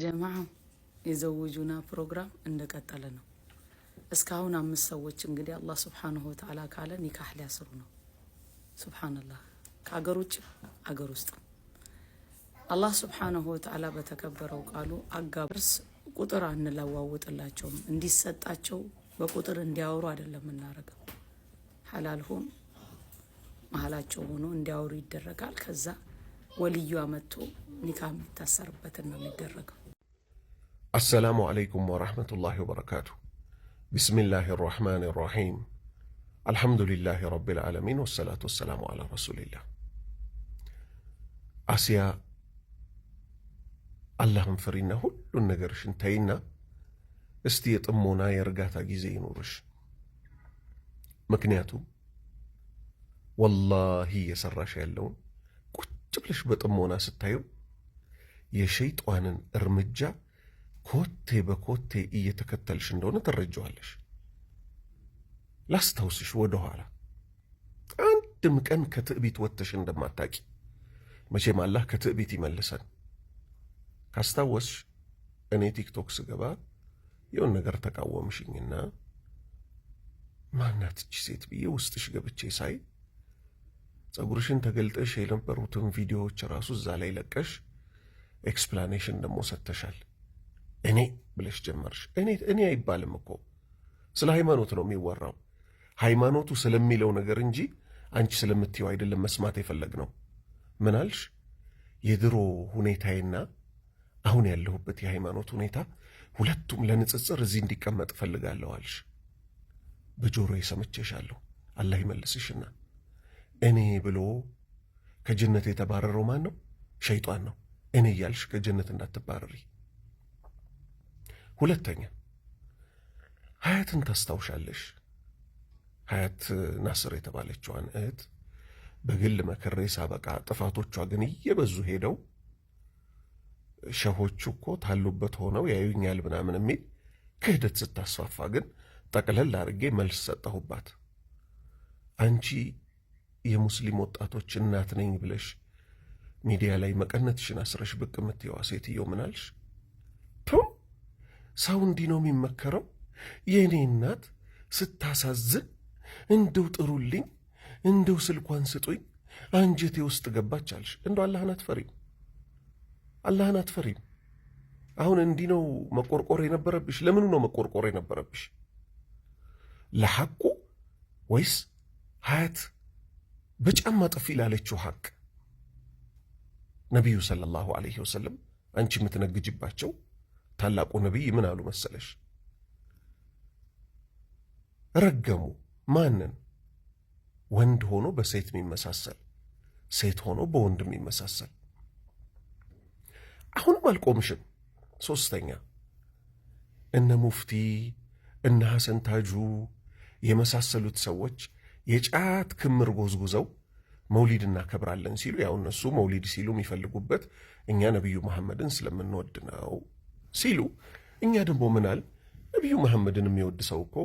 ጀማ የዘውጁና ፕሮግራም እንደቀጠለ ነው። እስካሁን አምስት ሰዎች እንግዲህ አላህ ስብሓንሁ ወተዓላ ካለ ኒካህ ሊያስሩ ነው። ስብሓንላህ ከአገር ውጭ አገር ውስጥ አላህ ስብሓንሁ ወተዓላ በተከበረው ቃሉ አጋርስ ቁጥር አንለዋውጥላቸውም። እንዲሰጣቸው በቁጥር እንዲያወሩ አይደለም እናደርገው። ሀላል ሆኖ መሀላቸው ሆኖ እንዲያወሩ ይደረጋል። ከዛ ወልዩ አመጥቶ ኒካህ የሚታሰርበትን ነው የሚደረገው። አሰላሙ ዓለይኩም ወረሕመቱላሂ ወበረካቱ። ቢስሚላሂ ራሕማን ራሒም አልሐምዱሊላሂ ረቢል ዓለሚን ወሰላቱ ወሰላሙ አላ ረሱሊላህ። አስያ አላህን ፍሪና ሁሉን ነገርሽን ተይና እስቲ የጥሞና የእርጋታ ጊዜ ይኑርሽ። ምክንያቱም ወላሂ እየሰራሽ ያለውን ቁጭ ብለሽ በጥሞና ስታየው የሸይጧንን እርምጃ ኮቴ በኮቴ እየተከተልሽ እንደሆነ ትረጀዋለሽ። ላስታውስሽ ወደኋላ አንድም ቀን ከትዕቢት ወጥተሽ እንደማታቂ። መቼም አላህ ከትዕቢት ይመልሰን። ካስታወስሽ እኔ ቲክቶክ ስገባ የውን ነገር ተቃወምሽኝና እች ሴት ብዬ ውስጥሽ ገብቼ ሳይ ጸጉርሽን ተገልጠሽ የነበሩትን ቪዲዮዎች ራሱ እዛ ላይ ለቀሽ ኤክስፕላኔሽን ደሞ ሰጥተሻል። እኔ ብለሽ ጀመርሽ። እኔ እኔ አይባልም እኮ ስለ ሃይማኖት ነው የሚወራው። ሃይማኖቱ ስለሚለው ነገር እንጂ አንቺ ስለምትየው አይደለም መስማት የፈለግ ነው። ምን አልሽ? የድሮ ሁኔታዬና አሁን ያለሁበት የሃይማኖት ሁኔታ ሁለቱም ለንጽጽር እዚህ እንዲቀመጥ እፈልጋለሁ አልሽ። በጆሮዬ አለሁ አላህ ይመልስሽና እኔ ብሎ ከጀነት የተባረረው ማን ነው? ሸይጧን ነው። እኔ እያልሽ ከጀነት እንዳትባረሪ ሁለተኛ ሀያትን ታስታውሻለሽ? ሀያት ናስር የተባለችዋን እህት በግል መከሬ ሳበቃ ጥፋቶቿ ግን እየበዙ ሄደው ሸሆቹ እኮ ታሉበት ሆነው ያዩኛል ምናምን የሚል ክህደት ስታስፋፋ ግን ጠቅለል አድርጌ መልስ ሰጠሁባት። አንቺ የሙስሊም ወጣቶች እናት ነኝ ብለሽ ሚዲያ ላይ መቀነትሽን አስረሽ ብቅ የምትየዋ ሴትዮ ምናልሽ? ሰው እንዲህ ነው የሚመከረው? የእኔ እናት ስታሳዝን፣ እንደው ጥሩልኝ፣ እንደው ስልኳን ስጡኝ፣ አንጀቴ ውስጥ ገባች አልሽ። እንደው አላህን አትፈሪም? አላህን አትፈሪም? አሁን እንዲህ ነው መቆርቆር የነበረብሽ? ለምኑ ነው መቆርቆር የነበረብሽ? ለሐቁ ወይስ ሀያት በጫማ ጥፊ ላለችው ሐቅ? ነቢዩ ሰለላሁ ዐለይሂ ወሰለም አንቺ የምትነግጅባቸው ታላቁ ነቢይ ምን አሉ መሰለሽ? ረገሙ ማንን? ወንድ ሆኖ በሴት የሚመሳሰል፣ ሴት ሆኖ በወንድ የሚመሳሰል። አሁንም አልቆምሽም። ሶስተኛ እነ ሙፍቲ እነ ሐሰን ታጁ የመሳሰሉት ሰዎች የጫት ክምር ጎዝጉዘው መውሊድ እናከብራለን ሲሉ ያው እነሱ መውሊድ ሲሉ የሚፈልጉበት እኛ ነቢዩ መሐመድን ስለምንወድ ነው ሲሉ እኛ ደግሞ ምናል ነቢዩ መሐመድን የሚወድ ሰው እኮ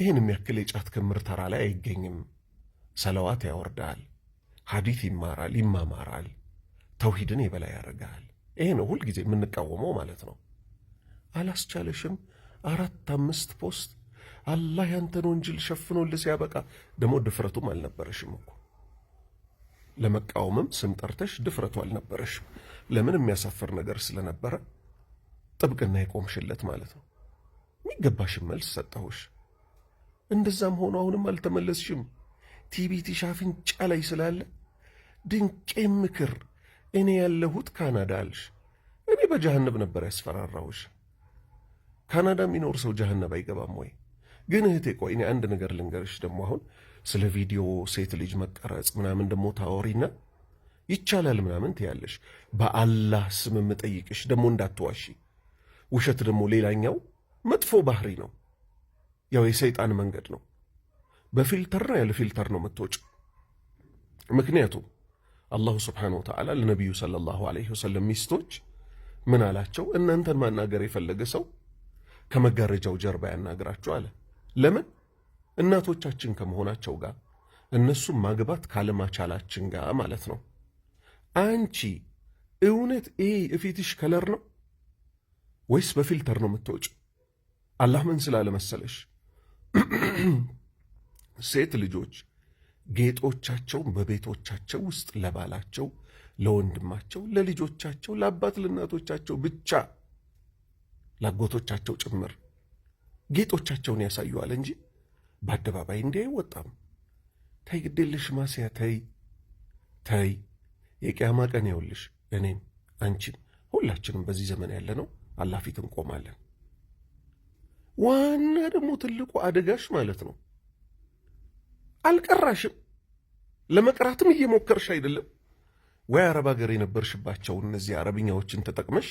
ይህን የሚያክል የጫት ክምር ተራ ላይ አይገኝም። ሰለዋት ያወርዳል፣ ሐዲት ይማራል፣ ይማማራል፣ ተውሂድን የበላይ ያደርጋል። ይሄ ነው ሁልጊዜ የምንቃወመው ማለት ነው። አላስቻለሽም አራት አምስት ፖስት አላህ ያንተን ወንጅል ሸፍኖልህ ሲያበቃ ደግሞ ድፍረቱም አልነበረሽም እኮ ለመቃወምም ስም ጠርተሽ ድፍረቱ አልነበረሽም። ለምን የሚያሳፍር ነገር ስለነበረ ጥብቅና የቆምሽለት ማለት ነው። የሚገባሽን መልስ ሰጠሁሽ። እንደዛም ሆኖ አሁንም አልተመለስሽም። ቲቢቲሽ አፍንጫ ላይ ስላለ ድንቄ ምክር እኔ ያለሁት ካናዳ አልሽ። እኔ በጀሃነብ ነበር ያስፈራራሁሽ። ካናዳ የሚኖር ሰው ጀሃነብ አይገባም ወይ? ግን እህቴ ቆይ እኔ አንድ ነገር ልንገርሽ። ደግሞ አሁን ስለ ቪዲዮ ሴት ልጅ መቀረጽ ምናምን ደግሞ ታወሪና ይቻላል ምናምን ትያለሽ። በአላህ ስም የምጠይቅሽ ደግሞ እንዳትዋሺ ውሸት ደግሞ ሌላኛው መጥፎ ባህሪ ነው። ያው የሰይጣን መንገድ ነው። በፊልተር ነው ያለ ፊልተር ነው የምትወጪው። ምክንያቱም አላሁ ስብሓነሁ ወተዓላ ለነቢዩ ሰለላሁ ዐለይሂ ወሰለም ሚስቶች ምን አላቸው? እናንተን ማናገር የፈለገ ሰው ከመጋረጃው ጀርባ ያናግራችሁ አለ። ለምን? እናቶቻችን ከመሆናቸው ጋር እነሱም ማግባት ካለማቻላችን ጋር ማለት ነው። አንቺ እውነት ይሄ እፊትሽ ከለር ነው ወይስ በፊልተር ነው የምትወጭ? አላህ ምን ስላለ መሰለሽ ሴት ልጆች ጌጦቻቸውን በቤቶቻቸው ውስጥ ለባላቸው፣ ለወንድማቸው፣ ለልጆቻቸው፣ ለአባት ለእናቶቻቸው ብቻ ላጎቶቻቸው ጭምር ጌጦቻቸውን ያሳዩዋል እንጂ በአደባባይ እንዲህ አይወጣም። ተይ ግዴለሽ ማስያ ተይ ተይ። የቅያማ ቀን ይኸውልሽ፣ እኔም አንቺም ሁላችንም በዚህ ዘመን ያለ ነው አላህ ፊት እንቆማለን። ዋና ደግሞ ትልቁ አደጋሽ ማለት ነው አልቀራሽም፣ ለመቅራትም እየሞከርሽ አይደለም ወይ አረብ ሀገር የነበርሽባቸው እነዚህ አረብኛዎችን ተጠቅመሽ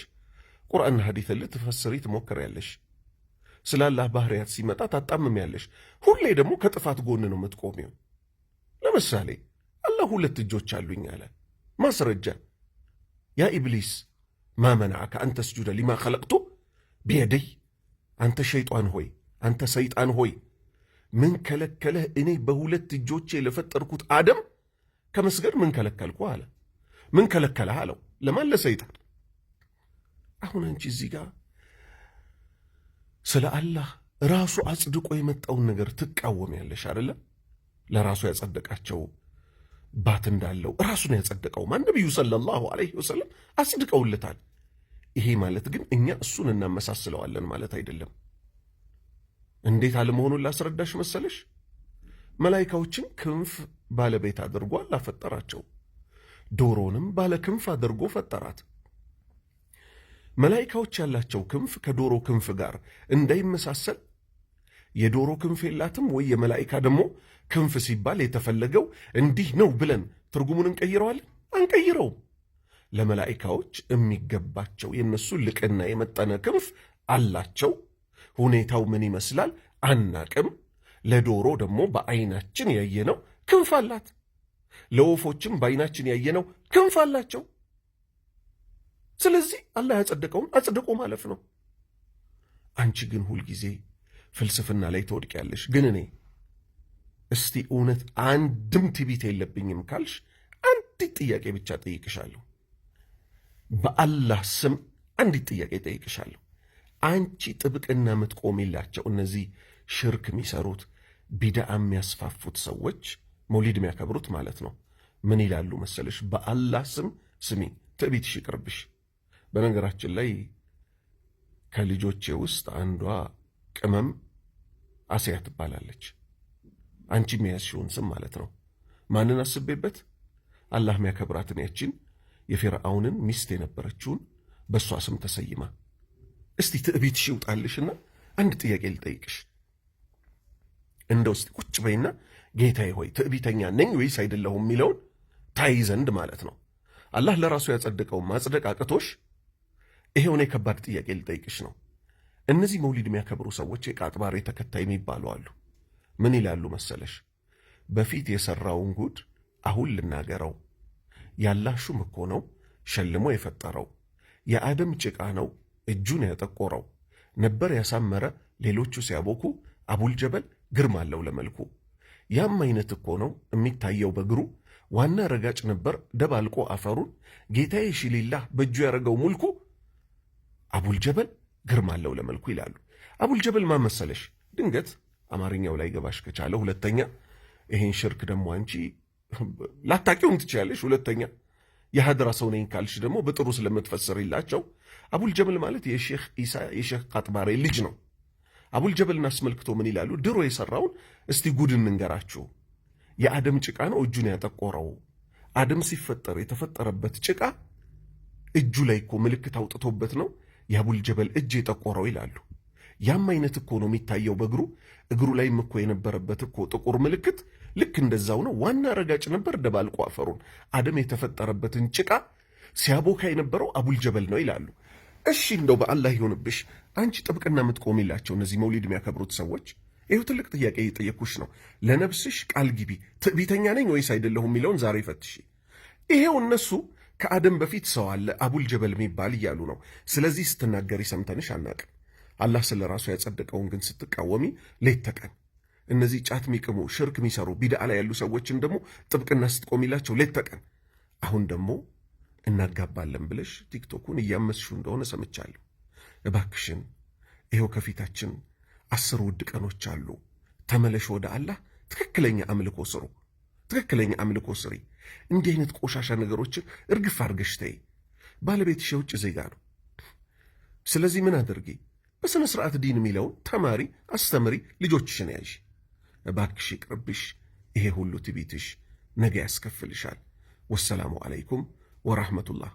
ቁርአን ሀዲትል ልትፈስሪ ትሞክሪያለሽ። ስለ አላህ ባህርያት ሲመጣ ታጣምሚያለሽ። ሁሌ ደግሞ ከጥፋት ጎን ነው የምትቆሚው። ለምሳሌ አላህ ሁለት እጆች አሉኝ አለ ማስረጃ ያ ኢብሊስ ማ መናዓከ አንተ ስጁደ ሊማ ኸለቅቱ ቢየደይ። አንተ ሸይጣን ሆይ አንተ ሰይጣን ሆይ ምን ከለከለህ እኔ በሁለት እጆቼ ለፈጠርኩት አደም ከመስገድ ምን ከለከልኩ አለ። ምን ከለከለህ አለው። ለማን? ለሰይጣን። አሁን አንቺ እዚህ ጋር ስለ አላህ ራሱ አጽድቆ የመጣውን ነገር ትቃወም ያለሽ ለራሱ ያጸደቃቸው ባት እንዳለው ራሱን ያጸደቀው ማን ነቢዩ ሰለላሁ ዐለይሂ ወሰለም አጽድቀውለታል። ይሄ ማለት ግን እኛ እሱን እናመሳስለዋለን ማለት አይደለም። እንዴት አለመሆኑን ላስረዳሽ መሰለሽ። መላይካዎችን ክንፍ ባለቤት አድርጎ አላፈጠራቸው። ዶሮንም ባለ ክንፍ አድርጎ ፈጠራት። መላይካዎች ያላቸው ክንፍ ከዶሮ ክንፍ ጋር እንዳይመሳሰል የዶሮ ክንፍ የላትም ወይ? የመላይካ ደግሞ ክንፍ ሲባል የተፈለገው እንዲህ ነው ብለን ትርጉሙን እንቀይረዋለን? አንቀይረውም። ለመላይካዎች የሚገባቸው የእነሱ ልቅና የመጠነ ክንፍ አላቸው። ሁኔታው ምን ይመስላል አናቅም። ለዶሮ ደግሞ በአይናችን ያየነው ክንፍ አላት። ለወፎችም በአይናችን ያየነው ክንፍ አላቸው። ስለዚህ አላህ ያጸደቀውን አጽድቆ ማለፍ ነው። አንቺ ግን ሁልጊዜ ፍልስፍና ላይ ትወድቅያለሽ። ግን እኔ እስቲ እውነት አንድም ትቢት የለብኝም ካልሽ አንዲት ጥያቄ ብቻ ጠይቅሻለሁ። በአላህ ስም አንዲት ጥያቄ ጠይቅሻለሁ። አንቺ ጥብቅና የምትቆሚላቸው እነዚህ ሽርክ የሚሰሩት ቢዳአ የሚያስፋፉት ሰዎች መውሊድ የሚያከብሩት ማለት ነው ምን ይላሉ መሰለሽ? በአላህ ስም ስሚ፣ ትዕቢትሽ ይቅርብሽ። በነገራችን ላይ ከልጆቼ ውስጥ አንዷ ቅመም አስያ ትባላለች። አንቺም የያዝሽውን ስም ማለት ነው። ማንን አስቤበት? አላህ ሚያከብራትን ያችን የፊርአውንን ሚስት የነበረችውን በእሷ ስም ተሰይማ። እስቲ ትዕቢትሽ ይውጣልሽና አንድ ጥያቄ ልጠይቅሽ። እንደ ውስጥ ቁጭ በይና ጌታዬ ሆይ ትዕቢተኛ ነኝ ወይስ አይደለሁም የሚለውን ታይ ዘንድ ማለት ነው። አላህ ለራሱ ያጸደቀውን ማጽደቅ አቅቶሽ፣ ይሄውን የከባድ ጥያቄ ልጠይቅሽ ነው። እነዚህ መውሊድ የሚያከብሩ ሰዎች የቃጥባሬ ተከታይ የሚባሉ አሉ። ምን ይላሉ መሰለሽ? በፊት የሰራውን ጉድ አሁን ልናገረው፣ ያላሹም እኮ ነው ሸልሞ የፈጠረው፣ የአደም ጭቃ ነው እጁን ያጠቆረው፣ ነበር ያሳመረ ሌሎቹ ሲያቦኩ፣ አቡልጀበል ግርማ አለው ለመልኩ፣ ያም አይነት እኮ ነው የሚታየው በእግሩ ዋና ረጋጭ ነበር ደባልቆ አፈሩን፣ ጌታዬ ሽሊላህ በእጁ ያደረገው ሙልኩ አቡልጀበል ግርማለው ለመልኩ ይላሉ። አቡል ጀበል ማን መሰለሽ? ድንገት አማርኛው ላይ ገባሽ ከቻለ ሁለተኛ ይሄን ሽርክ ደግሞ አንቺ ላታቂውም ትችያለሽ። ሁለተኛ የሀድራ ሰው ነኝ ካልሽ ደግሞ በጥሩ ስለምትፈስርላቸው አቡል ጀበል ማለት የሼህ ኢሳ የሼህ ቃጥባሬ ልጅ ነው። አቡል ጀበልን አስመልክቶ ምን ይላሉ? ድሮ የሰራውን እስቲ ጉድ እንንገራችሁ። የአደም ጭቃ ነው እጁን ያጠቆረው። አደም ሲፈጠር የተፈጠረበት ጭቃ እጁ ላይ እኮ ምልክት አውጥቶበት ነው የአቡል ጀበል እጅ የጠቆረው ይላሉ። ያም አይነት እኮ ነው የሚታየው በእግሩ እግሩ ላይም እኮ የነበረበት እኮ ጥቁር ምልክት ልክ እንደዛው ነው። ዋና ረጋጭ ነበር። ደባልቆ አፈሩን አደም የተፈጠረበትን ጭቃ ሲያቦካ የነበረው አቡል ጀበል ነው ይላሉ። እሺ እንደው በአላህ ይሆንብሽ አንቺ ጥብቅና የምትቆሚላቸው እነዚህ መውሊድ የሚያከብሩት ሰዎች ይህ ትልቅ ጥያቄ እየጠየኩሽ ነው። ለነብስሽ ቃል ግቢ። ትዕቢተኛ ነኝ ወይስ አይደለሁም የሚለውን ዛሬ ይፈትሽ ይሄው እነሱ ከአደም በፊት ሰው አለ አቡል ጀበል የሚባል እያሉ ነው። ስለዚህ ስትናገሪ ሰምተንሽ አናቅም። አላህ ስለ ራሱ ያጸደቀውን ግን ስትቃወሚ ሌት ተቀን እነዚህ ጫት የሚቅሙ ሽርክ የሚሰሩ ቢድዓ ላይ ያሉ ሰዎችን ደግሞ ጥብቅና ስትቆሚላቸው ሌት ተቀን አሁን ደግሞ እናጋባለን ብለሽ ቲክቶኩን እያመስሹ እንደሆነ ሰምቻለሁ። እባክሽን ይኸው ከፊታችን አስር ውድ ቀኖች አሉ። ተመለሽ ወደ አላህ፣ ትክክለኛ አምልኮ ስሩ፣ ትክክለኛ አምልኮ ስሪ። እንዲህ አይነት ቆሻሻ ነገሮችን እርግፍ አድርገሽ ተይ። ባለቤትሽ የውጭ ዜጋ ነው። ስለዚህ ምን አድርጊ፣ በሥነ ሥርዓት ዲን የሚለውን ተማሪ፣ አስተምሪ፣ ልጆችሽን ያዥ። እባክሽ ይቅርብሽ። ይሄ ሁሉ ትቢትሽ ነገ ያስከፍልሻል። ወሰላሙ አለይኩም ወራህመቱላህ